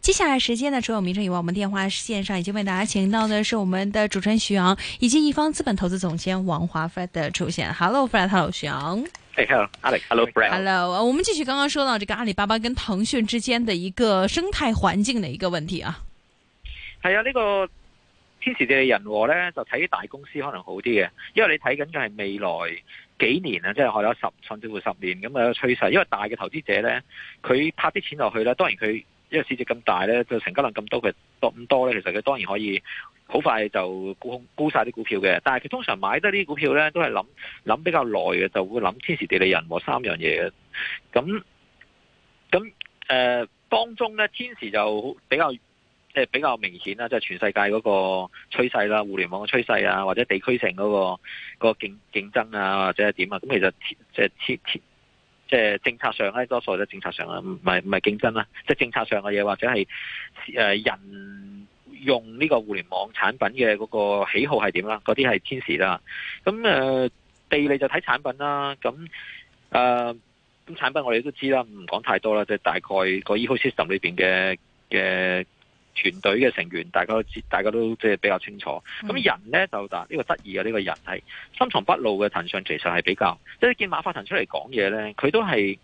接下來時間呢，除有名稱以外，我們電話線上已經為大家請到的是我們的主持人徐昂，以及億方資本投資總監王華 Fred 的出現。Hello，Fred，徐昂。哎，Hello，Alex，Hello，Fred。Hello，呃，我們繼續剛剛說到這個阿里巴巴跟騰訊之間的一個生態環境的一個問題啊。係、hey, 啊，呢、yeah, 個天時地利人和呢，就睇大公司可能好啲嘅，因為你睇緊嘅係未來。幾年啊，即係可咗十甚至乎十年咁嘅趨勢，因為大嘅投資者呢，佢拍啲錢落去呢，當然佢因為市值咁大呢，就成交量咁多、多，其實咁多呢，其實佢當然可以好快就沽沽晒啲股票嘅。但係佢通常買得啲股票呢，都係諗諗比較耐嘅，就會諗天時地利人和三樣嘢嘅。咁咁誒，當中呢，天時就比較。即、就、係、是、比較明顯啦，即係全世界嗰個趨勢啦，互聯網嘅趨勢啊，或者地區性嗰個個競競爭啊，或者係點啊？咁其實即係即係政策上咧，多數都係政策上啊，唔係唔係競爭啦，即係政策上嘅嘢，或者係誒人用呢個互聯網產品嘅嗰個喜好係點啦？嗰啲係天時啦。咁誒，地利就睇產品啦。咁誒，咁產品我哋都知啦，唔講太多啦，即係大概個 ecosystem 裏邊嘅嘅。團隊嘅成員，大家都知，大家都即係比較清楚。咁、嗯、人呢，就嗱，呢、呢個得意嘅呢個人係深藏不露嘅。騰訊其實係比較，即係見馬化騰出嚟講嘢呢，佢都係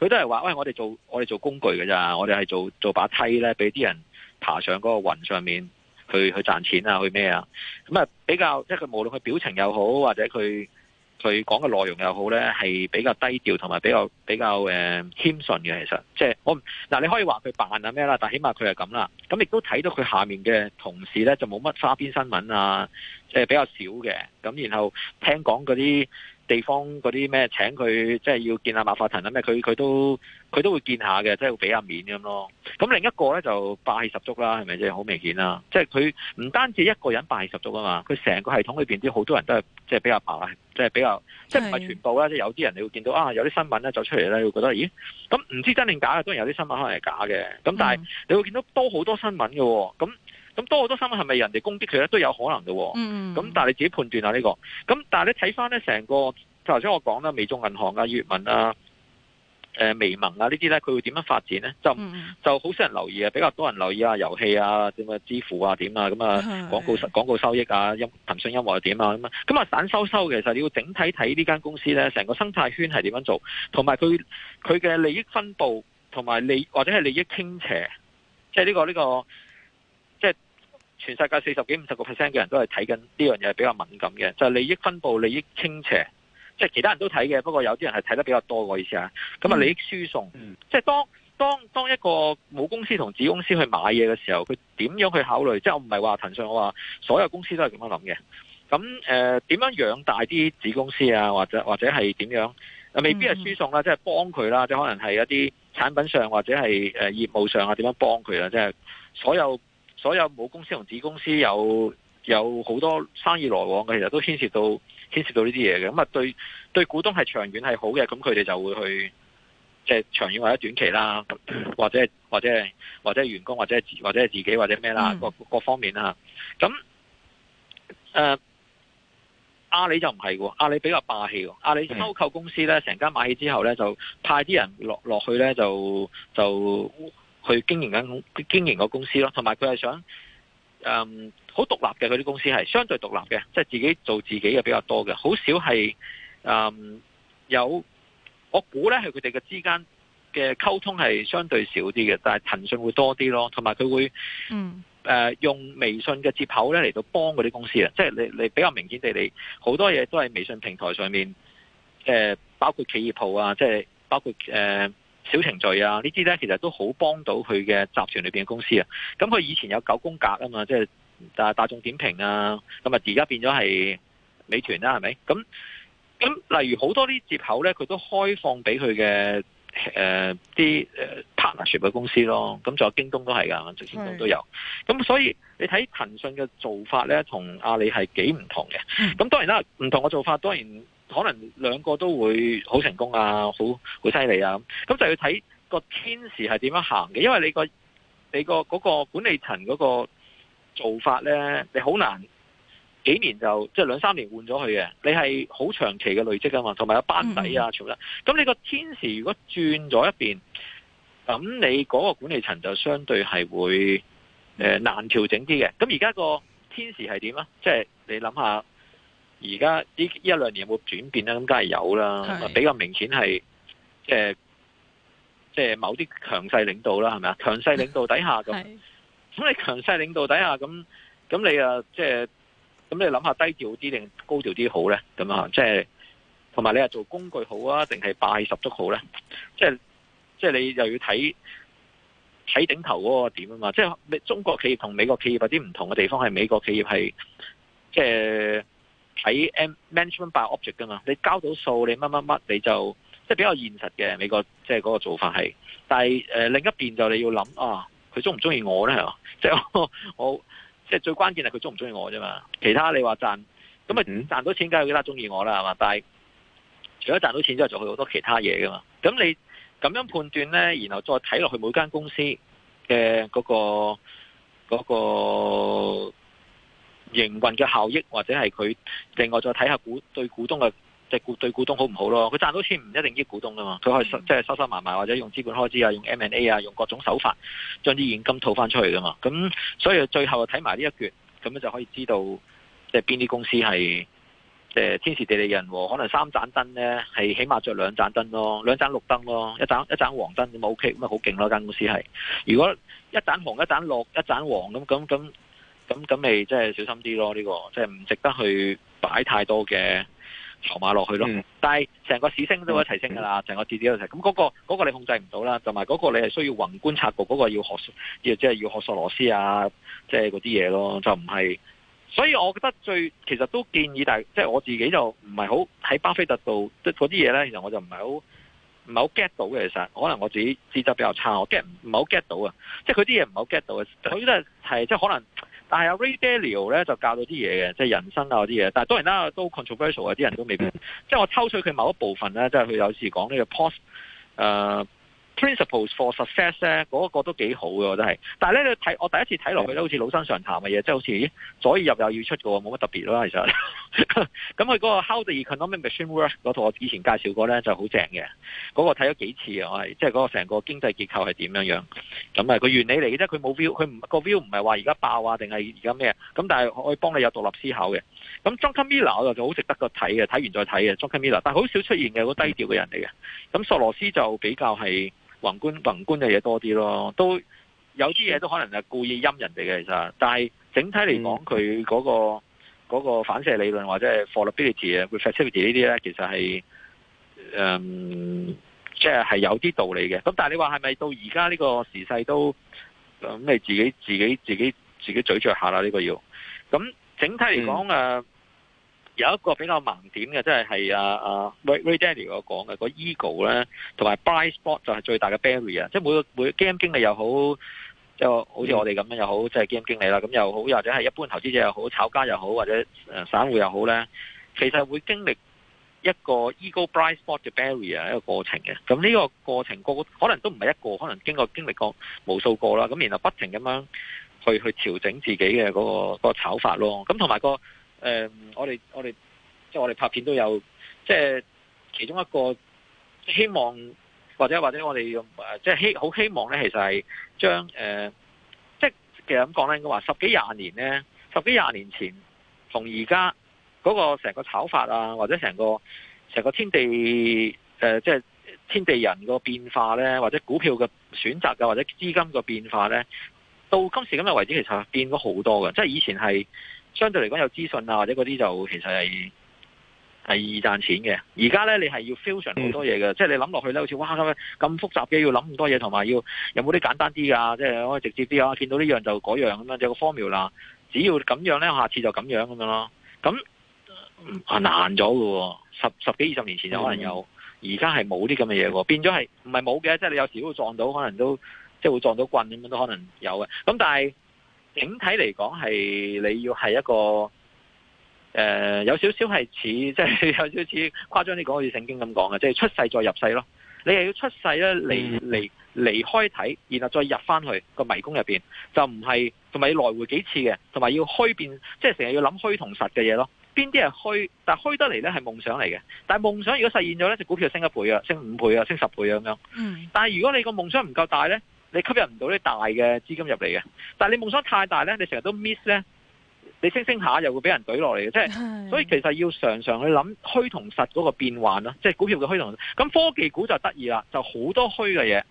佢都係話，喂，我哋做我哋做工具㗎咋，我哋係做做把梯呢，俾啲人爬上嗰個雲上面去去賺錢啊，去咩啊，咁啊，比較即係佢無論佢表情又好，或者佢。佢講嘅內容又好呢，係比較低調同埋比較比較誒謙遜嘅，其實即係我嗱，你可以話佢扮係咩啦，但起碼佢係咁啦。咁亦都睇到佢下面嘅同事呢，就冇乜花邊新聞啊，即係比較少嘅。咁然後聽講嗰啲。地方嗰啲咩請佢，即係要見下馬化騰啊咩？佢佢都佢都會見下嘅，即係會俾下面咁咯。咁另一個咧就霸氣十足啦，係咪即係好明顯啦？即係佢唔單止一個人霸氣十足啊嘛，佢成個系統裏邊啲好多人都係即係比較霸啊，即係比較即係唔係全部啦，即係有啲人你會見到啊，有啲新聞咧走出嚟咧會覺得咦，咁唔知真定假啊？當然有啲新聞可能係假嘅，咁但係你會見到多好多新聞嘅喎，咁。咁多好多新聞係咪人哋攻擊佢咧都有可能嘅喎、哦，咁、嗯、但係你自己判斷下呢、這個。咁但係你睇翻咧成個頭先我講啦，微眾銀行啊、閱文啊、誒、呃、微盟啊呢啲咧，佢會點樣發展咧？就、嗯、就好少人留意啊，比較多人留意啊遊戲啊，點啊支付啊點啊，咁啊廣告收廣告收益啊，音騰訊音樂又點啊咁啊，咁啊散修修其實你要整體睇呢間公司咧，成個生態圈係點樣做，同埋佢佢嘅利益分佈同埋利或者係利益傾斜，即係呢個呢個。這個全世界四十幾五十個 percent 嘅人都係睇緊呢樣嘢，比較敏感嘅就係利益分佈、利益傾斜，即係其他人都睇嘅，不過有啲人係睇得比較多嘅意思啊。咁啊，利益輸送，嗯嗯、即係當當當一個母公司同子公司去買嘢嘅時候，佢點樣去考慮？即係我唔係話騰訊，我話所有公司都係咁樣諗嘅。咁誒點樣養大啲子公司啊？或者或者係點樣？未必係輸送啦，嗯、即係幫佢啦，即可能係一啲產品上或者係誒業務上啊，點樣幫佢啦即係所有。所有母公司同子公司有有好多生意來往嘅，其實都牽涉到牽涉到呢啲嘢嘅。咁啊，對對股東係長遠係好嘅，咁佢哋就會去即係、就是、長遠或者短期啦，或者係或者或者員工，或者係或者係自己或者咩啦，嗯、各各方面啦。咁誒、呃，阿里就唔係喎，阿里比較霸氣喎。阿里收購公司咧，成、嗯、間買起之後咧，就派啲人落落去咧，就就。去經營緊經營個公司咯，同埋佢係想誒好、嗯、獨立嘅嗰啲公司係相對獨立嘅，即係自己做自己嘅比較多嘅，好少係誒、嗯、有。我估呢，係佢哋嘅之間嘅溝通係相對少啲嘅，但係騰訊會多啲咯。同埋佢會嗯、呃、用微信嘅接口呢嚟到幫嗰啲公司啊，即係你你比較明顯地，你好多嘢都係微信平台上面誒、呃，包括企業號啊，即係包括誒。呃小程序啊，呢啲呢，其實都好幫到佢嘅集團裏面嘅公司啊。咁、嗯、佢以前有九宮格啊嘛，即係大、大眾點評啊，咁啊而家變咗係美團啦、啊，係咪？咁、嗯、咁、嗯、例如好多啲接口呢，佢都開放俾佢嘅誒啲誒 partnership 嘅公司咯。咁、嗯、仲有京東都係噶，最先都有。咁、嗯、所以你睇騰訊嘅做法呢，同阿里係幾唔同嘅。咁、嗯嗯嗯、當然啦，唔同嘅做法當然。可能兩個都會好成功啊，好好犀利啊！咁就要睇個天時係點樣行嘅，因為你個你個嗰個管理層嗰個做法呢，你好難幾年就即係兩三年換咗佢嘅。你係好長期嘅累積啊嘛，同埋有班底啊，全部啦。咁你個天時如果轉咗一邊，咁你嗰個管理層就相對係會難、呃、難調整啲嘅。咁而家個天時係點呢？即係你諗下。而家呢一兩年有冇轉變咧？咁梗係有啦，比較明顯係即係即係某啲強勢領導啦，係咪啊？強勢領導底下咁，咁你強勢領導底下咁，咁你啊即係咁你諗下低調啲定高調啲好咧？咁啊，即係同埋你係做工具好啊，定係霸氣十足好咧？即係即係你又要睇睇頂頭嗰個點啊嘛？即係中國企業同美國企業有啲唔同嘅地方，係美國企業係即係。即係喺 management by object 噶嘛，你交到數，你乜乜乜，你就即係比較現實嘅美國即係嗰個做法係，但係誒、呃、另一邊就你要諗啊，佢中唔中意我咧係嘛，即係我，我即係最關鍵係佢中唔中意我啫嘛，其他你話賺咁啊賺到錢梗有幾多中意我啦係嘛，但係除咗賺到錢之外，仲有好多其他嘢噶嘛，咁你咁樣判斷咧，然後再睇落去每間公司嘅嗰個嗰個。那個營運嘅效益或者係佢另外再睇下股對股東嘅即係股對股東好唔好咯？佢賺到錢唔一定益股東噶嘛，佢可以即係、嗯、收收埋埋或者用資本開支啊、用 M&A 啊、用各種手法將啲現金套翻出嚟噶嘛。咁所以最後睇埋呢一橛咁樣就可以知道即係邊啲公司係誒天時地利人和。可能三盞燈咧係起碼着兩盞燈咯，兩盞綠燈咯，一盞一盞黃燈咁 OK，咁啊好勁咯間公司係。如果一盞紅、一盞綠、一盞黃咁咁咁。咁咁你即係小心啲咯，呢、這個即係唔值得去擺太多嘅籌碼落去咯。嗯、但係成個市升都一齊升㗎喇，成、嗯嗯、個跌都一齊。咁、那、嗰、個那個你控制唔到啦，同埋嗰個你係需要宏觀察過。局，嗰個要學要即係、就是、要學索羅斯啊，即係嗰啲嘢咯。就唔係，所以我覺得最其實都建議大，即係、就是、我自己就唔係好喺巴菲特度即係嗰啲嘢咧。其實我就唔係好唔係好 get 到嘅。其實可能我自己資質比較差，我 get 唔唔係好 get 到啊。即係佢啲嘢唔係好 get 到嘅。佢覺得係即係可能。但係阿 Ray Dalio 咧就教到啲嘢嘅，即係人生啊嗰啲嘢。但係當然啦，都 controversial 啊，啲人都未必， 即係我抽取佢某一部分咧，即係佢有時講呢個 post 誒、呃。Principles for success 咧，嗰個都幾好嘅，我覺得係。但係咧，你睇我第一次睇落去咧，好似老生常談嘅嘢，即係好似左耳入右耳出嘅喎，冇乜特別啦，其實。咁佢嗰個 how the economic machine work 嗰套我以前介紹過咧，就好正嘅。嗰、那個睇咗幾次，啊，我係即係嗰個成個經濟結構係點樣樣。咁啊，個原理嚟嘅啫，佢冇 view，佢唔個 view 唔係話而家爆啊，定係而家咩？咁但係可以幫你有獨立思考嘅。咁 Druckenmiller 我就好值得個睇嘅，睇完再睇嘅 Druckenmiller 但係好少出現嘅好低調嘅人嚟嘅。咁索羅斯就比較係。宏觀宏觀嘅嘢多啲咯，都有啲嘢都可能係故意陰人哋嘅，其實。但係整體嚟講，佢、嗯、嗰、嗰個嗰、嗰個反射理論或者係 fallibility reflexivity 呢啲咧，其實係誒，即係係有啲道理嘅。咁但係你話係咪到而家呢個時勢都咁、嗯、你自己自己自己自己咀嚼下啦？呢、這個要。咁整體嚟講誒。嗯呃有一個比較盲點嘅，即係係啊啊 Ray Dalio 有講嘅個 ego 咧，同埋 blind spot 就係最大嘅 barrier，即係每個每基金經理又好，即係好似我哋咁樣又好，即係基金經理啦，咁又好，又或者係一般投資者又好，炒家又好，或者誒散戶又好咧，其實會經歷一個 ego blind spot 嘅 barrier 一個過程嘅。咁呢個過程個可能都唔係一個，可能經過經歷過無數個啦。咁然後不停咁樣去去調整自己嘅嗰個嗰個炒法咯。咁同埋個。誒，我哋我哋即係我哋拍片都有，即係其中一個希望，或者或者我哋誒，即係希好希望咧，其實係將誒，即係其實咁講咧，應該話十幾廿年咧，十幾廿年前同而家嗰個成個炒法啊，或者成個成個天地誒，即係天地人個變化咧，或者股票嘅選擇啊，或者資金嘅變化咧，到今時今日為止，其實變咗好多嘅，即係以前係。相對嚟講有資訊啊或者嗰啲就其實係係易賺錢嘅。而家呢，你係要 fusion 好多嘢嘅、嗯，即係你諗落去呢，好似哇咁樣咁複雜嘅要諗咁多嘢，同埋要有冇啲簡單啲噶，即係可以直接啲啊，見到呢樣就嗰樣咁樣，有個 formula，只要咁樣呢，下次就咁樣咁樣咯。咁係難咗嘅，十十幾二十年前就可能有，而家係冇啲咁嘅嘢嘅，變咗係唔係冇嘅，即係你有時都會撞到，可能都即係會撞到棍咁樣都可能有嘅。咁但係整體嚟講係你要係一個誒、呃、有少少係似，即係有少少誇張啲講，好似聖經咁講嘅，即係出世再入世咯。你係要出世咧，離離離開睇，然後再入翻去、這個迷宮入邊，就唔係，同埋要來回幾次嘅，同埋要虛變，即係成日要諗虛同實嘅嘢咯。邊啲係虛？但係虛得嚟咧係夢想嚟嘅。但係夢想如果實現咗咧，隻股票升一倍啊，升五倍啊，升十倍咁樣。但係如果你個夢想唔夠大咧？你吸引唔到啲大嘅資金入嚟嘅，但係你夢想太大呢，你成日都 miss 呢，你升升下又會俾人懟落嚟嘅，即係所以其實要常常去諗虛同實嗰個變幻咯，即係股票嘅虛同實。咁科技股就得意啦，就好多虛嘅嘢，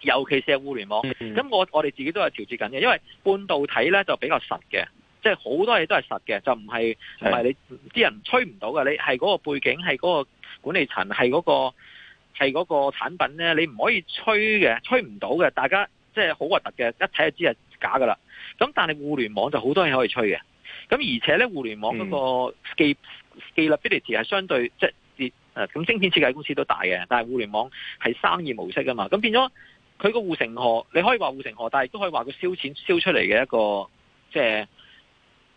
尤其是喺互聯網。咁、嗯嗯、我我哋自己都係調節緊嘅，因為半導體呢就比較實嘅，即係好多嘢都係實嘅，就唔係唔係你啲人吹唔到嘅，你係嗰個背景，係嗰個管理層，係嗰、嗰個。係嗰個產品咧，你唔可以吹嘅，吹唔到嘅。大家即係好核突嘅，一睇就知係假噶啦。咁但係互聯網就好多嘢可以吹嘅。咁而且咧，互聯網嗰個 scalability 係相對即係誒，咁芯片設計公司都大嘅，但係互聯網係生意模式啊嘛。咁變咗佢個護城河，你可以話護城河，但係都可以話佢燒錢燒出嚟嘅一個即係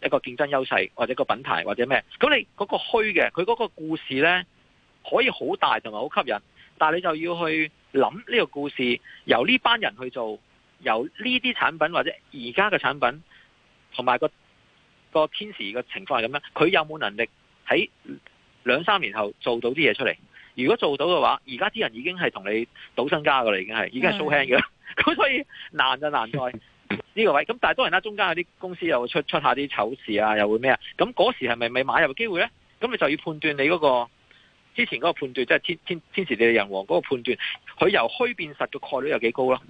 一個競爭優勢，或者一個品牌或者咩？咁你嗰個虛嘅，佢嗰個故事咧可以好大同埋好吸引。但你就要去諗呢個故事，由呢班人去做，由呢啲產品或者而家嘅產品，同埋個個天時嘅情況係咁樣，佢有冇能力喺兩三年後做到啲嘢出嚟？如果做到嘅話，而家啲人已經係同你賭身家㗎啦，已經係已經係 show hand 㗎啦。咁、mm. 所以難就難在呢、這個位。咁但係當然啦，中間有啲公司又會出出下啲醜事啊，又會咩啊？咁嗰時係咪未買入嘅機會咧？咁你就要判斷你嗰、那個。之前嗰個判斷，即係天天天時地利人和嗰個判斷，佢由虛變實嘅概率有幾高咯？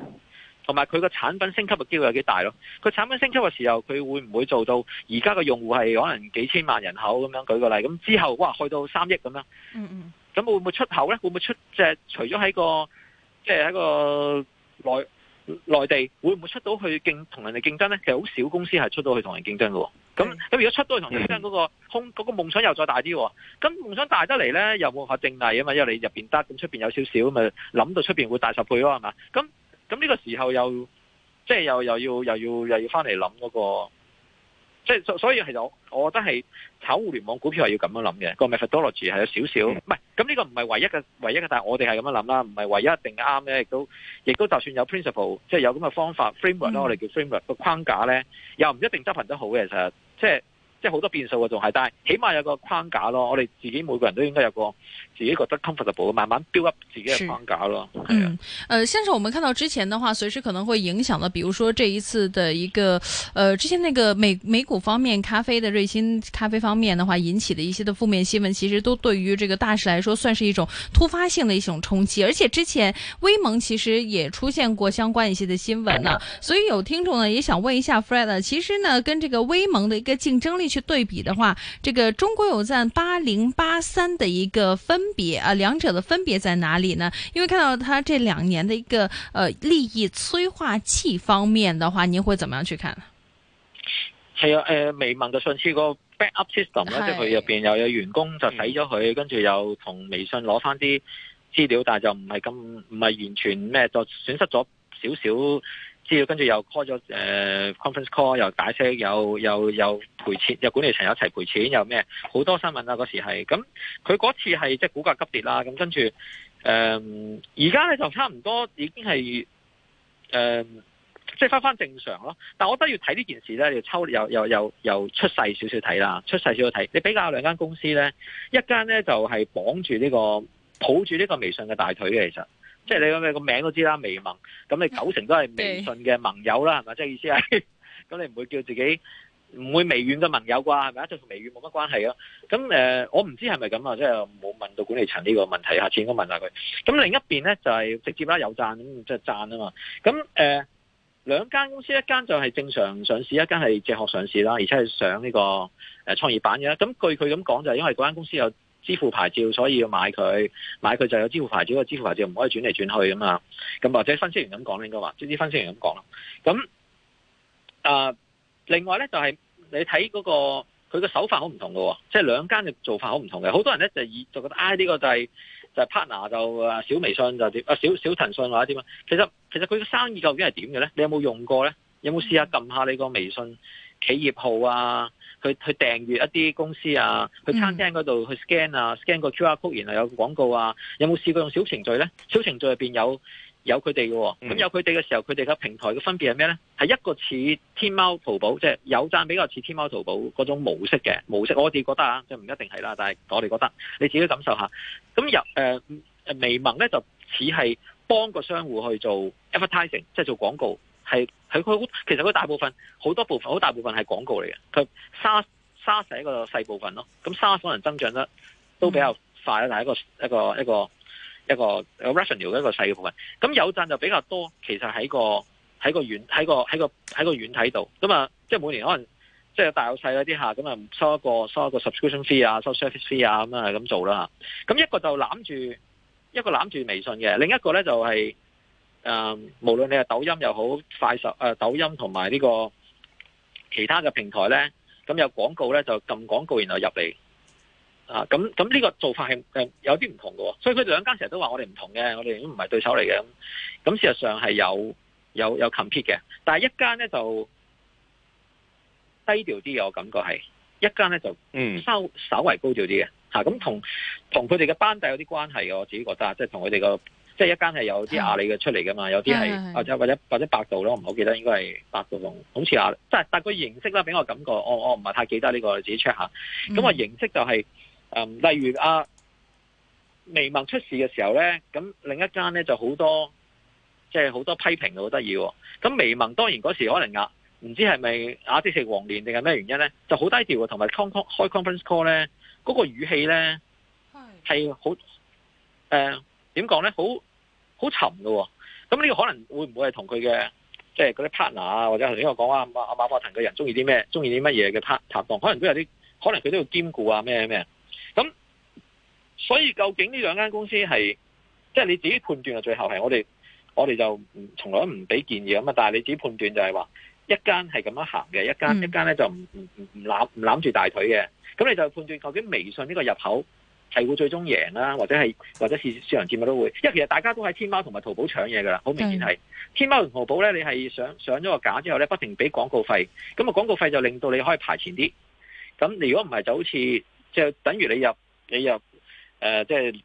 同埋佢個產品升級嘅機會有幾大咯？佢產品升級嘅時候，佢會唔會做到而家嘅用戶係可能幾千萬人口咁樣舉個例？咁之後哇，去到三億咁樣嗯嗯。咁會唔會出口咧？會唔會出隻？除咗喺個即係喺個內。內地會唔會出到去競同人哋競爭呢？其實好少公司係出到去同人競爭嘅。咁咁如果出到去同人競爭嗰、那個空嗰、嗯那個夢想又再大啲，咁夢想大得嚟呢，又冇法正例啊嘛，因為你入邊得，咁出邊有少少，咪諗到出邊會大十倍咯，係嘛？咁咁呢個時候又即係、就是、又又要又要又要翻嚟諗嗰個。即係所所以其實我我覺得係炒互聯網股票係要咁樣諗嘅，個 methodology 係有少少，唔係咁呢個唔係唯一嘅唯一嘅，但係我哋係咁樣諗啦，唔係唯一一定啱咧，亦都亦都就算有 principle，即係有咁嘅方法 framework 啦，我哋叫 framework 個框架咧，又唔一定執行得好嘅，其實即係。即係好多變數嘅仲係，但係起碼有個框架咯。我哋自己每個人都應該有個自己覺得 comfortable 嘅，慢慢 build up 自己嘅框架咯。嗯，呃，先生，我們看到之前的話，隨時可能會影響到，比如說這一次的一個，呃，之前那個美美股方面咖啡的瑞幸咖啡方面的話，引起的一些的負面新聞，其實都對於這個大市來說，算是一種突發性的一種衝擊。而且之前微盟其實也出現過相關一些的新聞啦，所以有聽眾呢，也想問一下 Fred 啊，其實呢，跟這個微盟的一個競爭力。去對比的話，這個中國有贊八零八三的一個分別啊，兩者的分別在哪裏呢？因為看到他這兩年的一個，呃，利益催化器方面的話，你會怎麼樣去看？係啊，誒、呃，微盟嘅上次個 backup system 咧，即係佢入邊又有員工就洗咗佢、嗯，跟住又同微信攞翻啲資料，但係就唔係咁，唔係完全咩，就損失咗少少。知跟住又 call 咗、呃、conference call，又解釋，又又又賠錢，又管理層又一齊賠錢，又咩好多新聞啦、啊、嗰時係咁，佢嗰次係即係股價急跌啦。咁跟住誒，而家咧就差唔多已經係誒，即係返返正常咯。但我覺得要睇呢件事咧，要抽又又又又出世少少睇啦，出世少少睇。你比較兩間公司咧，一間咧就係綁住呢、呢個抱住呢個微信嘅大腿嘅，其實。即係你個名都知啦，微盟，咁你九成都係微信嘅盟友啦，係咪？即係意思係，咁你唔會叫自己唔會微軟嘅盟友啩？係咪啊？即同微軟冇乜關係咯。咁誒，我唔知係咪咁啊，即係冇問到管理層呢個問題，下次應該問下佢。咁另一邊咧就係直接啦，有贊，即係贊啊嘛。咁誒，兩間公司，一間就係正常上市，一間係借殼上市啦，而且係上呢個誒創業板嘅。咁據佢咁講，就係因為嗰間公司有支付牌照，所以要買佢，買佢就有支付牌照。個支付牌照唔可以轉嚟轉去噶嘛。咁或者分析員咁講咧，應該話即係啲分析員咁講咯。咁啊、呃，另外咧就係你睇嗰個佢嘅手法好唔同嘅，即係兩間嘅做法好唔同嘅。好多人咧就以就覺得，唉，呢個就係就係 partner 就啊小微信就點啊小小騰訊或者點樣。其實其實佢嘅生意究竟係點嘅咧？你有冇用過咧？有冇試下撳下你個微信企業號啊？去去訂閱一啲公司啊，去餐廳嗰度去 scan 啊，scan 個 QR code 然後有個廣告啊，有冇試過用小程序咧？小程序入面有有佢哋嘅，咁有佢哋嘅時候，佢哋嘅平台嘅分別係咩咧？係一個似天貓淘寶，即係有贊比較似天貓淘寶嗰種模式嘅模式。我哋覺得啊，就唔一定係啦，但係我哋覺得你自己感受下。咁入誒誒微盟咧，就似係幫個商戶去做 advertising，即係做廣告。係佢好，其實佢大部分好多部分，好大部分係廣告嚟嘅。佢沙沙一個細部分咯，咁沙可能增長得都比較快啦。但係一個、嗯、一個一個一個 retention 一個細嘅部分，咁有陣就比較多。其實喺個喺個遠喺個喺個喺個院睇度咁啊，即係每年可能即係、就是、大有細嗰啲下，咁啊收一個收一個 subscription fee 啊，收 service fee 啊，咁啊係咁做啦。咁一個就攬住一個攬住微信嘅，另一個咧就係、是。誒，無論你係抖音又好快手，誒抖音同埋呢個其他嘅平台咧，咁有廣告咧就撳廣告，然後入嚟，啊，咁咁呢個做法係誒有啲唔同嘅，所以佢哋兩間成日都話我哋唔同嘅，我哋都唔係對手嚟嘅，咁事實上係有有有 compete 嘅，但係一間咧就低調啲嘅，我感覺係，一間咧就稍微嗯稍稍為高調啲嘅，吓咁同同佢哋嘅班底有啲關係嘅，我自己覺得，即係同佢哋個。即係一間係有啲阿里嘅出嚟噶嘛，嗯、有啲係或者或者或者百度咯，我唔記得應該係百度咯，好似阿即係但個形式啦，俾我感覺，我我唔係太記得呢、呢個，你自己 check 下。咁、嗯、啊形式就係、是，嗯、呃，例如啊微盟出事嘅時候咧，咁另一間咧就好多，即係好多批評好得意。咁微盟當然嗰時可能啊唔知係咪啞仔食黃連定係咩原因咧，就好低調嘅，同埋 con call 開 conference call 咧，嗰、嗰個語氣咧係好誒。點講咧，好好沉噶。哦，咁呢個可能會唔會係同佢嘅，即係嗰啲 partner 啊，或者頭先我講啊馬馬化騰嘅人中意啲咩，中意啲乜嘢嘅 part 搭檔，可能都有啲，可能佢都要兼顧啊咩咩，咁所以究竟呢兩間公司係，即係你自己判斷嘅，最後係我哋我哋就唔從來都唔俾建議咁啊，但係你自己判斷就係話，一間係咁樣行嘅，一間、嗯、一間咧就唔唔唔攬唔攬住大腿嘅，咁你就判斷究竟微信呢個入口。係會最終贏啦，啊，或者係或者市市場節目都會，因為其實大家都喺天貓同埋淘寶搶嘢㗎喇，好明顯係天貓同淘寶呢，你係上上咗個架之後呢，不停俾廣告費，咁啊廣告費就令到你可以排前啲。咁如果唔係就好似即係等於你入你入誒即係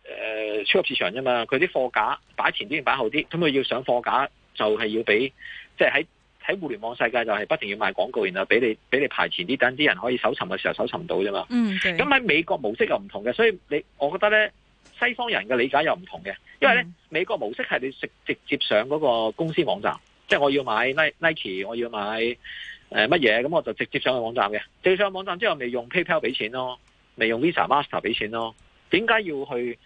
誒超級市場啫嘛，佢啲貨架擺前啲擺後啲，咁佢要上貨架就係、係、要俾即係喺。就係喺喺互聯網世界就係不停要賣廣告，然後俾你俾你排前啲，等啲人可以搜尋嘅時候搜尋到啫嘛。嗯，咁喺美國模式又唔同嘅，所以你我覺得咧，西方人嘅理解又唔同嘅，因為咧、嗯、美國模式係你直接上嗰個公司網站，嗯、即係我要買 Nike，我要買誒乜嘢，咁、呃、我就直接上去網站嘅。直接上網站之後，咪用 PayPal 俾錢咯，咪用 Visa、Master 俾錢咯。點解要去？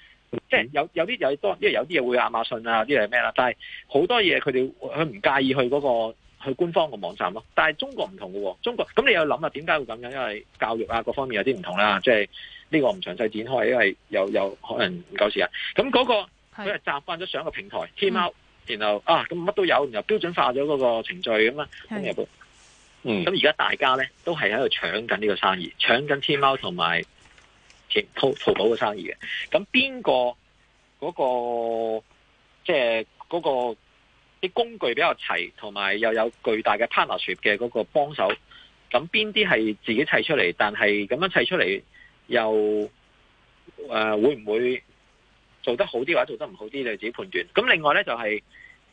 即係有有啲有多，因為有啲嘢會亞馬遜啊，啲係咩啦。但係好多嘢佢哋佢唔介意去嗰個。去官方個網站咯，但係中國唔同嘅，中國咁你又諗下點解會咁樣？因為教育啊各方面有啲唔同啦，即係呢個唔詳細展開，因為又又可能唔夠時間。咁嗰個佢係習慣咗上個平台天貓、嗯，然後啊咁乜都有，然後標準化咗嗰個程序咁啊，咁入去。咁而家大家咧都係喺度搶緊呢個生意，搶緊天貓同埋淘淘寶嘅生意嘅。咁邊個嗰個即係嗰個？那個就是那個啲工具比較齊，同埋又有巨大嘅 partnership 嘅嗰個幫手。咁邊啲係自己砌出嚟？但係咁樣砌出嚟又誒、呃，會唔會做得好啲或者做得唔好啲？你自己判斷。咁另外咧就係、是、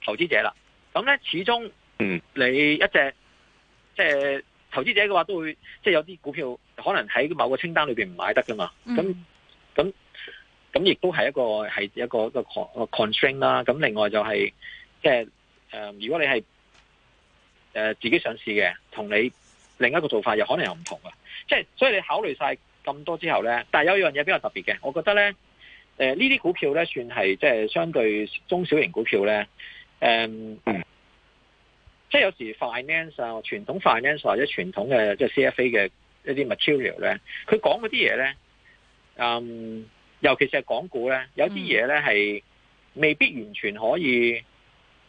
投資者啦。咁咧始終，嗯，你一隻即係、就是、投資者嘅話，都會即係、就是、有啲股票可能喺某個清單裏面唔買得㗎嘛。咁咁咁亦都係一個係一個一個 constraint 啦。咁另外就係即係。就是誒，如果你係誒自己上市嘅，同你另一個做法又可能又唔同啊！即係，所以你考慮晒咁多之後咧，但係有一樣嘢比較特別嘅，我覺得咧，誒呢啲股票咧，算係即係相對中小型股票咧，誒、嗯嗯，即係有時 finance 啊，傳統 finance 或者傳統嘅即係 CFA 嘅一啲 material 咧，佢講嗰啲嘢咧，尤其是係港股咧，有啲嘢咧係未必完全可以。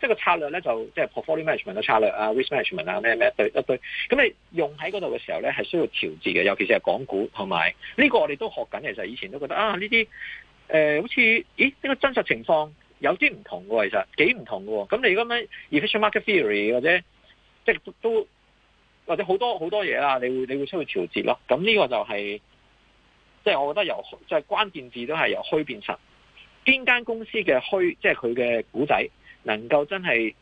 即、這、係個策略咧，就即、是、係 portfolio management 嘅策略啊，risk management 啊，咩咩對對咁，對你用喺嗰度嘅時候咧，係需要調節嘅。尤其是係港股同埋呢個，我哋都學緊。其實以前都覺得啊，呢啲誒好似咦，呢、這個真實情況有啲唔同嘅，其實幾唔同嘅。咁你咁樣 efficient market theory 或者即係都或者好多好多嘢啦，你會你會需要調節咯。咁呢個就係即係我覺得由即係、就是、關鍵字都係由虛變實。邊間公司嘅虛即係佢嘅股仔？就是能夠真係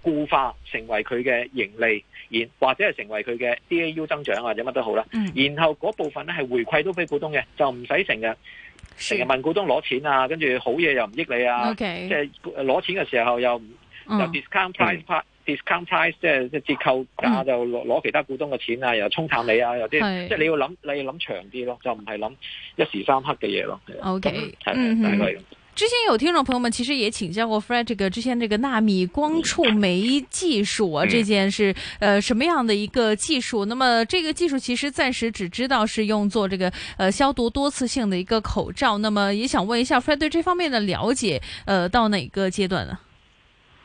固化成為佢嘅盈利，然或者係成為佢嘅 DAU 增長或者乜都好啦、嗯。然後嗰部分咧係回饋都俾股東嘅，就唔使成日成日問股東攞錢啊，跟住好嘢又唔益你啊、okay。即係攞錢嘅時候又又、嗯、discount price、嗯、discount price 即係折扣價、嗯、就攞攞其他股東嘅錢啊，又沖淡你啊，有啲即係你要諗你要諗長啲咯，就唔係諗一時三刻嘅嘢咯。大概咁。嗯之前有聽眾朋友們其實也請教過 Fred 這個之前這個納米光觸媒技術啊，這件是呃什麼樣的一個技術？那麼這個技術其實暫時只知道是用作這個呃消毒多次性的一個口罩。那麼也想問一下 Fred 對這方面的了解呃到哪個階段呢、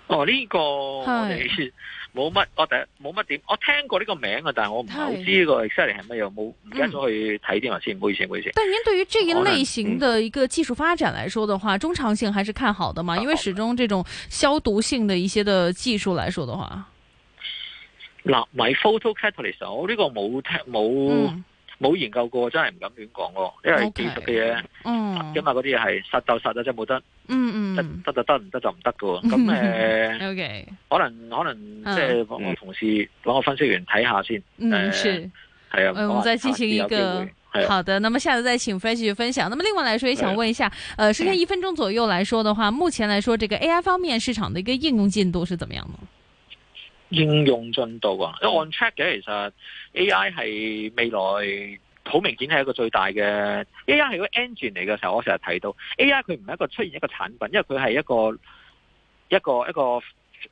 啊、哦，呢、這個嗨是。Hi 冇乜，我第一冇乜點，我聽過呢個名啊，但係我唔係好知呢個 x e n o 係乜嘢，冇唔記得咗去睇啲乜先，唔、嗯、好意思，唔好意思。但係，您對於呢個類型嘅一個技術發展來說嘅話，中長性還是看好的嘛，嗯？因為始終這種消毒性的一些嘅技術來說的話，納、啊、米 photo catalyst，我呢個冇聽冇冇研究過，真係唔敢亂講嘅，因為技術嘅嘢，嗯，咁啊嗰啲嘢係殺就殺就真冇得。嗯嗯，得得得，唔得就唔得㗎喎。咁誒、嗯 okay.，可能可能即係我、嗯、同事揾個分析員睇下、嗯、先。嗯，係啊。誒、嗯，我再進行一個好的。那麼下次再請 Frank 繼續分享。那麼另外來說，也想問一下，誒、呃，時間一分鐘左右來說的話、嗯，目前來說，這個 A I 方面市場的一個應用進度是怎麼樣呢？應用進度啊，嗯、因為我 check 嘅，其實 A I 係未來。好明顯係一個最大嘅 A I 係個 engine 嚟嘅時候，我成日睇到 A I 佢唔係一個出現，一個產品，因為佢係一個一個一個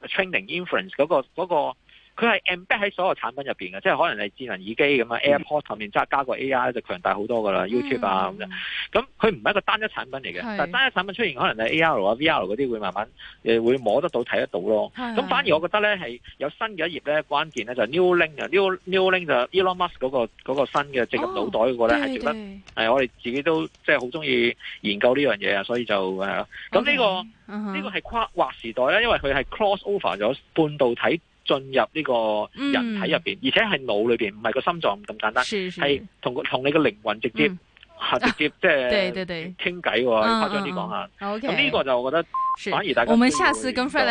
training inference 個、嗰個。嗰個佢係 embed 喺所有產品入邊嘅，即係可能係智能耳機咁啊、嗯、，AirPod 上面即係加個 AR 就強大好多噶啦、嗯、，YouTube 啊咁樣。咁佢唔係一個單一產品嚟嘅，但係單一產品出現可能係 AR 啊、VR 嗰啲會慢慢誒會摸得到、睇得到咯。咁反而我覺得咧係有新嘅一頁咧，關鍵咧就是、Neuralink、Neura, Neuralink 就 Elon Musk 嗰、那個嗰、那個、新嘅植入腦袋嗰個咧係值得。係、哦、我哋自己都即係好鍾意研究呢樣嘢啊，所以就咁呢、okay, 這個呢、uh -huh, 這個係跨劃時代咧，因為佢係 cross over 咗半導體。進入呢個人體入邊、嗯，而且係腦裏邊，唔係個心臟咁簡單，係同個同你嘅靈魂直接嚇、嗯啊、直接即係傾偈喎，誇張啲講下。咁呢、嗯嗯嗯嗯嗯 okay, 個就我覺得反而大家，我們下次跟 Freddie